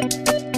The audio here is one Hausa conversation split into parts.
Thank you.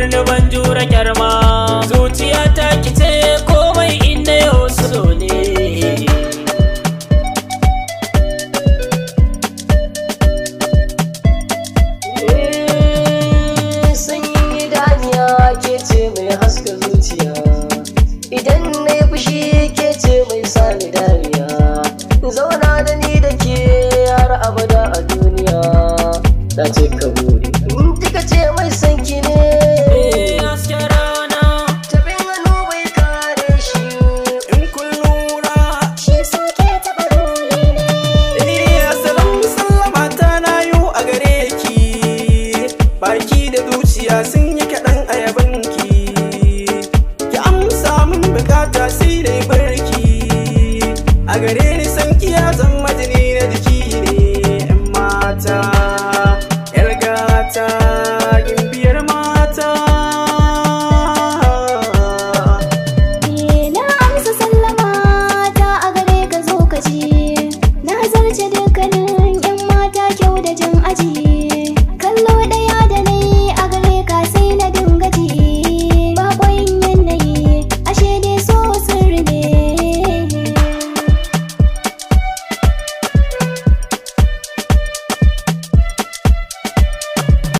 birni ban jura kyarma zuciya ta kice komai inda yau so ne eh, Sanyi daniya ke ce mai haska zuciya Iya zan majini